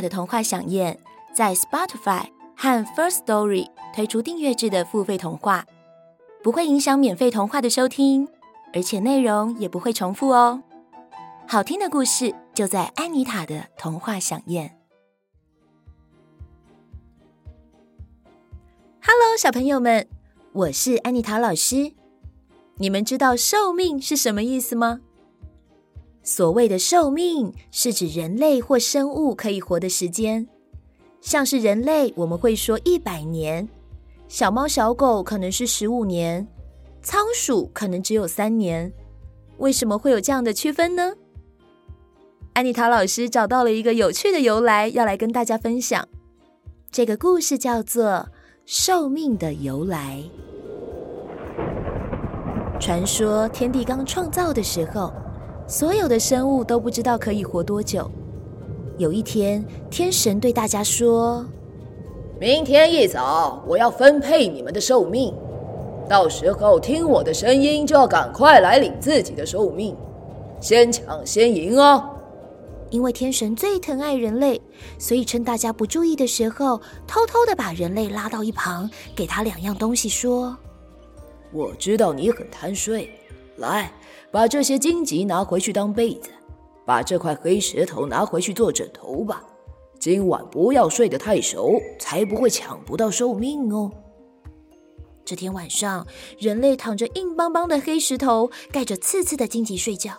的童話饗宴在 Spotify 和 First Story 推出訂閱制的付費童話，不會影響免費童話的收聽，而且內容也不會重複哦。好聽的故事就在安妮塔的童話饗宴。Hello，小朋友們，我是安妮塔老師。你們知道“壽命”是什麼意思嗎？所謂的壽命是指人類或生物可以活的時間，像是人類我們會說一百年，小貓小狗可能是十五年，倉鼠可能只有三年。為什麼會有這樣的區分呢？安妮塔老師找到了一個有趣的由來，要來跟大家分享。這個故事叫做《壽命的由來》。傳說天地剛創造的時候，所有的生物都不知道可以活多久。有一天天神對大家說：“明天一早，我要分配你們的壽命。到時候聽我的聲音，就要趕快來領自己的壽命，先搶先贏哦！”因為天神最疼愛人類，所以趁大家不注意的時候，偷偷的把人類拉到一旁，給他兩樣東西，說：“我知道你很貪睡。”來，把這些荊棘拿回去當被子，把這塊黑石頭拿回去做枕頭吧。今晚不要睡得太熟，才不會搶不到壽命哦。這天晚上，人類躺着硬邦邦的黑石頭，蓋着刺刺的荊棘睡覺。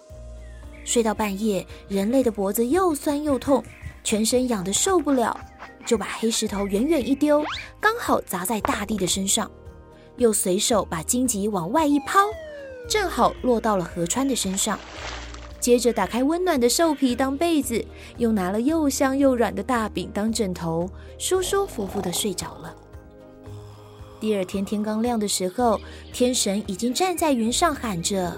睡到半夜，人類的脖子又酸又痛，全身癢得受不了，就把黑石頭遠遠一丟，剛好砸在大地的身上，又隨手把荊棘往外一拋。正好落到了河川的身上，接着打開溫暖的獸皮當被子，又拿了又香又軟的大餅當枕頭，舒舒服服的睡着了。第二天天剛亮的時候，天神已經站在雲上喊着：“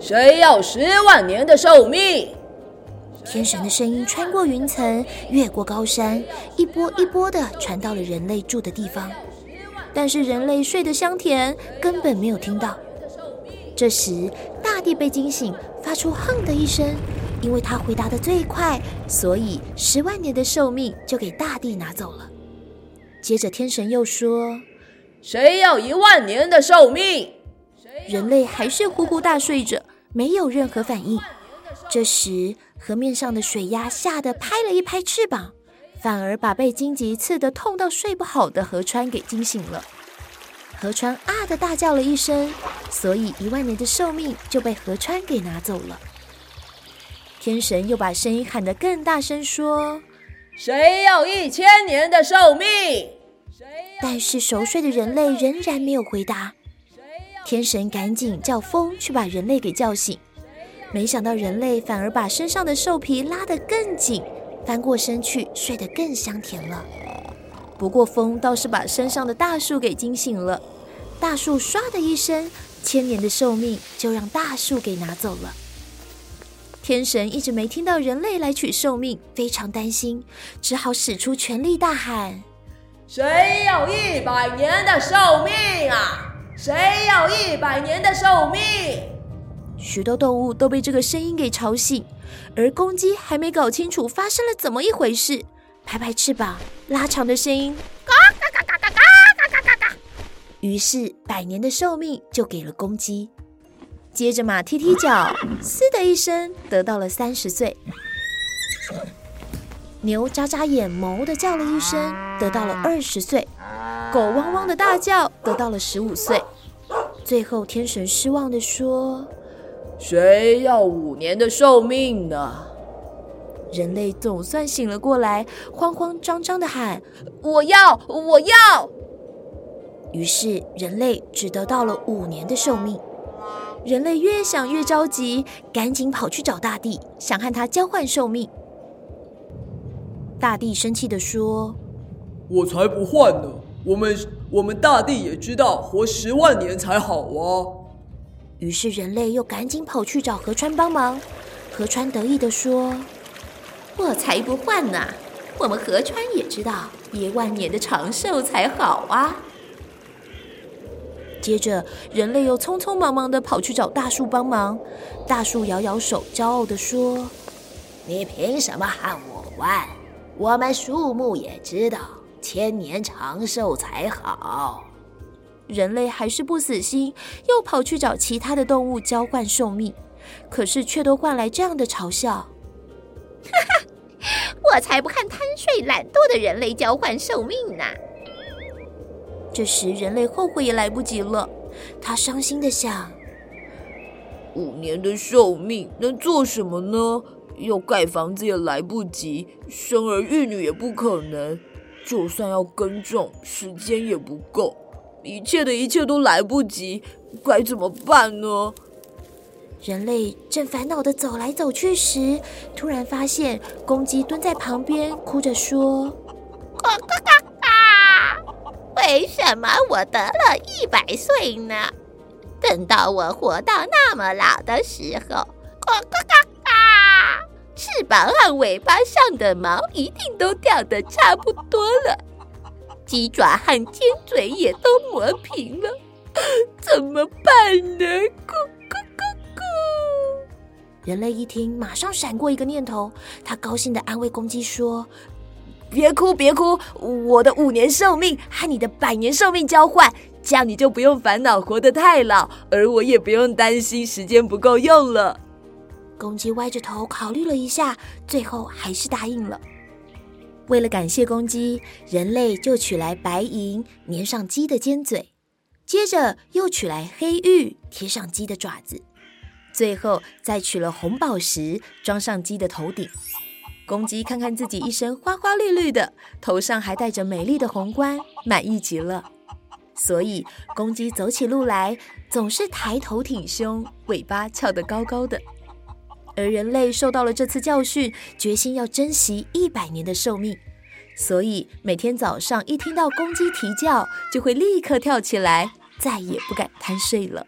誰要十萬年的壽命？”天神的聲音穿過雲層，越過高山，一波一波的傳到了人類住的地方，但是人類睡得香甜，根本沒有聽到。這時，大地被驚醒，發出“哼”的一聲，因為他回答得最快，所以十萬年的壽命就給大地拿走了。接着，天神又說：“誰要一萬年的壽命？”人類還是呼呼大睡着，沒有任何反應。這時，河面上的水鴨嚇得拍了一拍翅膀，反而把被荊棘刺得痛到睡不好的河川給驚醒了。河川啊的大叫了一聲。所以一萬年的壽命就被河川給拿走了。天神又把聲音喊得更大聲，說：“誰要一千年的壽命？”但是熟睡的人類仍然沒有回答。天神趕緊叫風去把人類給叫醒，沒想到人類反而把身上的獸皮拉得更緊，翻過身去睡得更香甜了。不過風倒是把身上的大樹給驚醒了，大樹唰的一聲。千年的壽命就讓大樹給拿走了。天神一直沒聽到人類來取壽命，非常擔心，只好使出全力大喊：“誰有一百年的壽命啊？誰有一百年的壽命？”許多動物都被這個聲音給吵醒，而公雞還沒搞清楚發生了怎麼一回事，拍拍翅膀，拉長的聲音。於是，百年的壽命就給了公雞。接着，馬踢踢腳，嘶的一聲，得到了三十歲。牛眨眨眼眸的叫了一聲，得到了二十歲。狗汪汪的大叫，得到了十五歲。最後，天神失望地說：“誰要五年的壽命呢？”人類總算醒了過來，慌慌張張地喊：“我要，我要！”於是人類只得到了五年的壽命。人類越想越着急，趕緊跑去找大地，想和他交換壽命。大地生氣地說：“我才不換呢！我們我們大地也知道活十萬年才好啊。”於是人類又趕緊跑去找河川幫忙。河川得意地說：“我才不換呢！我們河川也知道一萬年的長壽才好啊。”接着，人類又匆匆忙忙的跑去找大樹幫忙。大樹搖搖手，驕傲的說：“你憑什麼和我玩？我們樹木也知道，千年長壽才好。”人類還是不死心，又跑去找其他的動物交換壽命，可是卻都換來這樣的嘲笑：“哈哈，我才不看貪睡懶惰的人類交換壽命呢！”這時，人類後悔也來不及了。他傷心地想：“五年的壽命能做什麼呢？要蓋房子也來不及，生兒育女也不可能。就算要耕種，時間也不夠。一切的一切都來不及，該怎麼辦呢？”人類正煩惱地走來走去時，突然發現公雞蹲在旁邊，哭着說：“ 為什麼我得了一百歲呢？等到我活到那麼老的時候，咕咕咕咕，翅膀和尾巴上的毛一定都掉得差不多了，雞爪和尖嘴也都磨平了，怎麼辦呢？咕咕咕咕。人類一聽，馬上閃過一個念頭，他高興地安慰公雞說。別哭，別哭！我的五年壽命和你的百年壽命交換，這樣你就不用煩惱活得太老，而我也不用擔心時間不夠用了。公雞歪着頭考慮了一下，最後還是答應了。為了感謝公雞，人類就取來白銀粘上雞的尖嘴，接着又取來黑玉貼上雞的爪子，最後再取了紅寶石裝上雞的頭頂。公雞看看自己一身花花綠綠的，頭上還戴着美麗的紅冠，滿意極了。所以公雞走起路來總是抬頭挺胸，尾巴翹得高高的。而人類受到了這次教訓，決心要珍惜一百年的壽命。所以每天早上一聽到公雞啼叫，就會立刻跳起來，再也不敢貪睡了。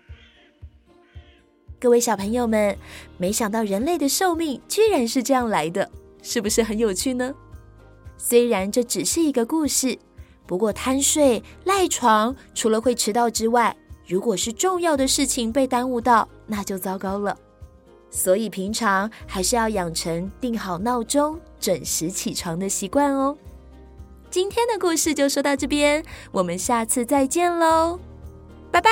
各位小朋友們，沒想到人類的壽命居然是這樣來的。是不是很有趣呢？雖然這只是一個故事，不過貪睡賴床除了會遲到之外，如果是重要的事情被耽誤到，那就糟糕了。所以平常還是要養成定好鬧鐘、準時起床的習慣哦。今天的故事就說到這邊，我們下次再見嘍，拜拜。